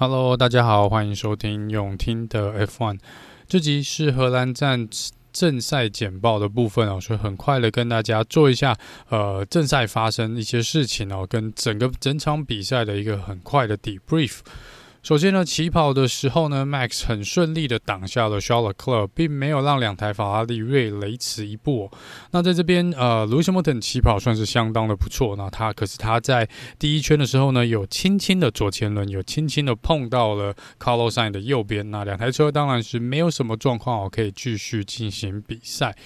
Hello，大家好，歡迎收聽用聽的 F1，這集是荷蘭站正賽簡報的部分啊，所以很快的跟大家做一下呃正賽發生一些事情哦，跟整個整場比賽的一個很快的 debrief。首先呢，起跑的時候呢，Max 很順利的擋下了 Charles Leclerc，並沒有讓兩台法拉利瑞雷遲一步，喔。那在這邊，呃，Lewis Hamilton 起跑算是相當的不錯。那他可是他在第一圈的時候呢，有輕輕的左前輪有輕輕的碰到了 Carlos Sainz 的右邊。那兩台車當然是沒有什麼狀況哦，可以繼續進行比賽。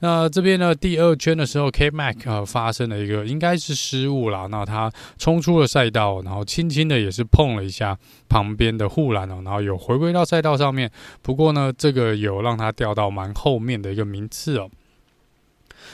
那這邊呢，第二圈的時候，K Max、呃、發生了一個應該是失誤啦。那他衝出了賽道，然後輕輕的也是碰了一下旁邊的護欄哦，然後有回歸到賽道上面，不過呢，這個有讓它掉到蠻後面的一個名次哦。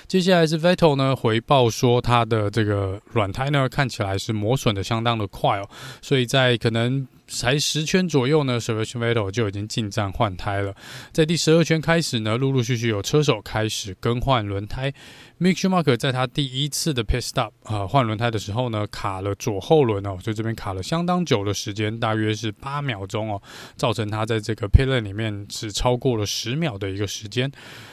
接下來是 Vettel 呢，回報說它的這個軟胎呢，看起來是磨損得相當的快哦，所以在可能。才十圈左右呢，Sebastian Vettel 就已經進站換胎了。在第十二圈開始呢，陸陸續續有車手開始更換輪胎。Mick Schumacher 在他第一次的 pit stop 啊換輪胎的時候呢，卡了左後輪哦，所以這邊卡了相當久的時間，大約是八秒鐘哦，造成他在這個 pit lane 裡面只超過了十秒的一個時間。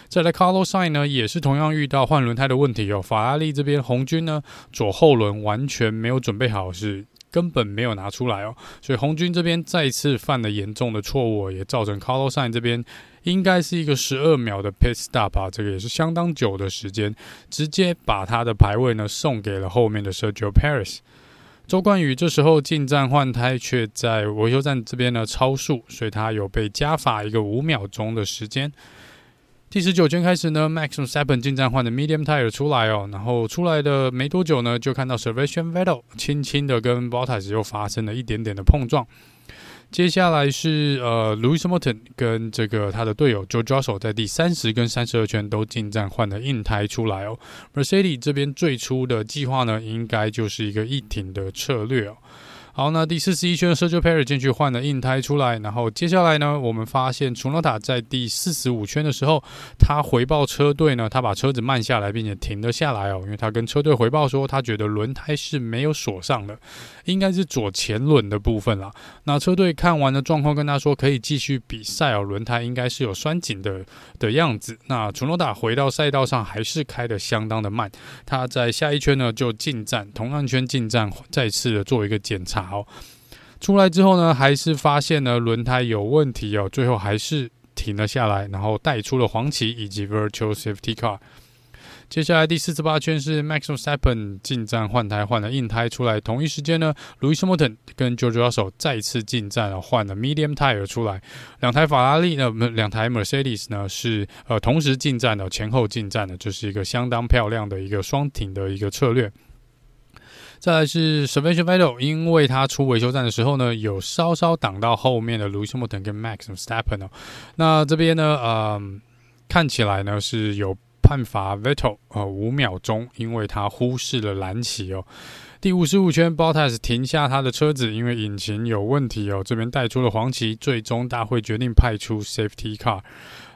再來，Carlos Sainz 呢，也是同樣遇到換輪胎的問題哦、喔。法拉利這邊紅軍呢，左後輪完全沒有準備好是。根本沒有拿出來哦，所以紅軍這邊再次犯了嚴重的錯誤，也造成 Carlos Sainz 這邊應該是一個十二秒的 pit stop，啊，這個也是相當久的時間，直接把他的排位呢送給了後面的 Sergio Perez。周冠宇這時候進站換胎，卻在維修站這邊呢超速，所以他有被加罰一個五秒鐘的時間。第十九圈開始呢，Maxim Seven 進站換的 Medium Tire 出來哦，然後出來的沒多久呢，就看到 Sebastian Vettel 輕輕的跟 Bottas 又發生了一點點的碰撞。接下來是呃 Lewis Hamilton 跟這個他的隊友 George Russell 在第三十跟三十二圈都進站換的硬胎出來哦。Mercedes 這邊最初的計劃呢，應該就是一個一停的策略哦。好，那第四十一圈的 Sergio Perez 進去換了硬胎出來，然後接下來呢，我們發現 Tsunoda 在第四十五圈的時候，他回報車隊呢，他把車子慢下來，並且停了下來哦，因為他跟車隊回報說，他覺得輪胎是沒有鎖上的，應該是左前輪的部分了。那車隊看完的狀況，跟他說可以繼續比賽哦，輪胎應該是有拴緊的的樣子。那 Tsunoda 回到賽道上還是開的相當的慢，他在下一圈呢就進站，同樣圈進站，再次的做一個檢查。好，出來之後呢，還是發現呢輪胎有問題哦、喔，最後還是停了下來，然後帶出了黃旗以及 Virtual Safety Car。接下來第四十八圈是 Max Verstappen 進站換胎換了硬胎出來，同一時間呢 Lewis Hamilton 跟 George Russell 再次進站換了 Medium Tire 出來，兩台法拉利、呃、呢，兩台 Mercedes 呢是呃同時進站的，前後進站的，這、就是一個相當漂亮的一個雙挺的一個策略。再來是 Sebastian Vettel，因為他出維修站的時候呢，有稍稍擋到後面的 Lewis Hamilton 跟 Max Verstappen 哦、喔。那這邊呢，呃，看起來呢是有判罰 Vettel、呃五秒鐘，因為他忽視了藍旗哦。第五十五圈，Bottas 停下他的車子，因為引擎有問題哦、喔。這邊帶出了黃旗，最終大會決定派出 Safety Car。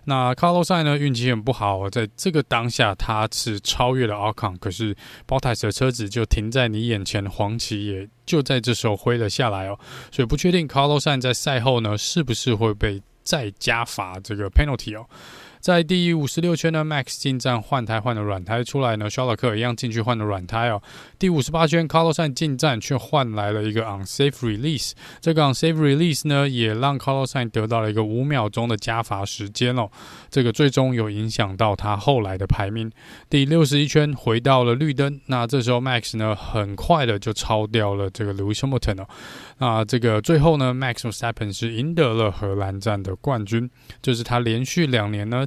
那 Carlos 賽呢運氣很不好，喔，在這個當下他是超越了 Alcon，可是 Bottas 的車子就停在你眼前，黃旗也就在這時候揮了下來哦，喔，所以不確定 Carlos 在賽後呢是不是會被再加罰這個 penalty 哦，喔。在第五十六圈呢 Max 進站換胎，換了軟胎出來呢 Schumacher 一樣進去換了軟胎哦。第五十八圈 Carlos 進站卻換來了一個 Unsafe Release，這個 Unsafe Release 呢也讓 Carlos 得到了一個五秒鐘的加罰時間哦。這個最終有影響到他後來的排名。第六十一圈回到了綠燈，那這時候 Max 呢很快的就超掉了這個 Lewis Hamilton 哦。那這個最後呢，Max Verstappen 是贏得了荷蘭站的冠軍，就是他連續兩年呢。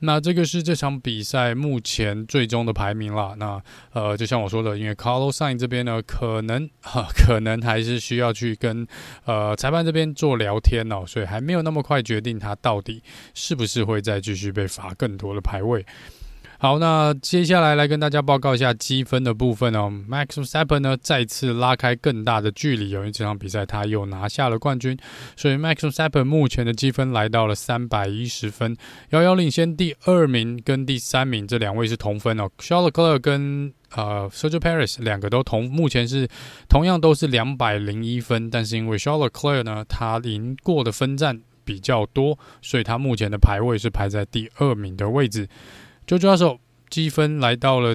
那這個是這場比賽目前最終的排名了。那呃，就像我說的，因為 Carlos Sainz 這邊呢，可能、呃、可能還是需要去跟呃裁判這邊做聊天哦、喔，所以還沒有那麼快決定他到底是不是會再繼續被罰更多的排位。好，那接下來來跟大家報告一下積分的部分哦。Max Verstappen 呢再次拉開更大的距離由因為這場比賽他又拿下了冠軍，所以 Max Verstappen 目前的積分來到了三百一十分，遙遙領先第二名跟第三名，這兩位是同分哦 Char Le c c。Charles Leclerc 跟呃 Sergio Perez 兩個都同目前是同樣都是兩百零一分，但是因為 Charles Leclerc 呢，他贏過的分站比較多，所以他目前的排位是排在第二名的位置。抓抓手，那時候積分來到了。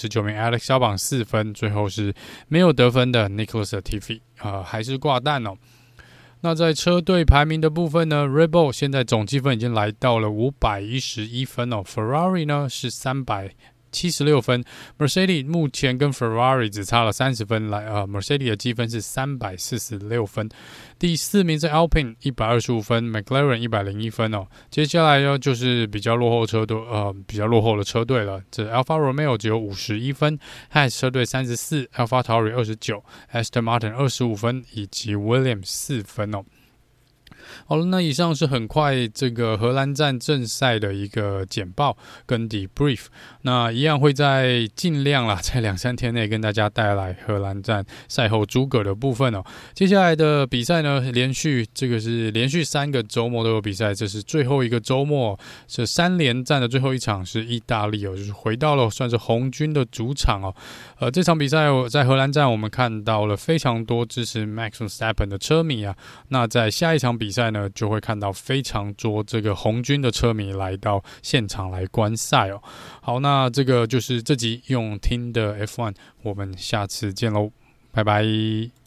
十九名 Alex Albon 四分，最後是沒有得分的 Nicholas Latifi 啊、呃，還是掛蛋哦。那在車隊排名的部分呢，Red Bull 現在總積分已經來到了五百一十一分哦，Ferrari 呢是三百。七十六分，Mercedes 目前跟 Ferrari 只差了三十分，來、呃、Mercedes 的積分是三百四十六分，第四名是 Alpine 一百二十五分，McLaren 一百零一分哦，接下來呢就是比較落後車隊，呃，比較落後的車隊了，這 Alfa Romeo 只有五十一分，Haas 車隊三十四，AlphaTauri 二十九，Aston Martin 二十五分，以及 Williams 四分哦。好了，那以上是很快這個荷蘭站正賽的一個簡報跟 debrief，那一樣會在盡量啦，在兩三天內跟大家帶來荷蘭站賽後諸葛的部分哦。接下來的比賽呢，連續這個是連續三個週末都有比賽，這是最後一個週末喔，是三連戰的最後一場是意大利哦，就是回到了算是紅軍的主場哦。呃，這場比賽我在荷蘭站我們看到了非常多支持 Max Verstappen 的車迷啊，那在下一場比賽。比賽呢，就會看到非常多這個紅軍的車迷來到現場來觀賽哦。好，那這個就是這集用聽的 F1，我們下次見嘍，拜拜。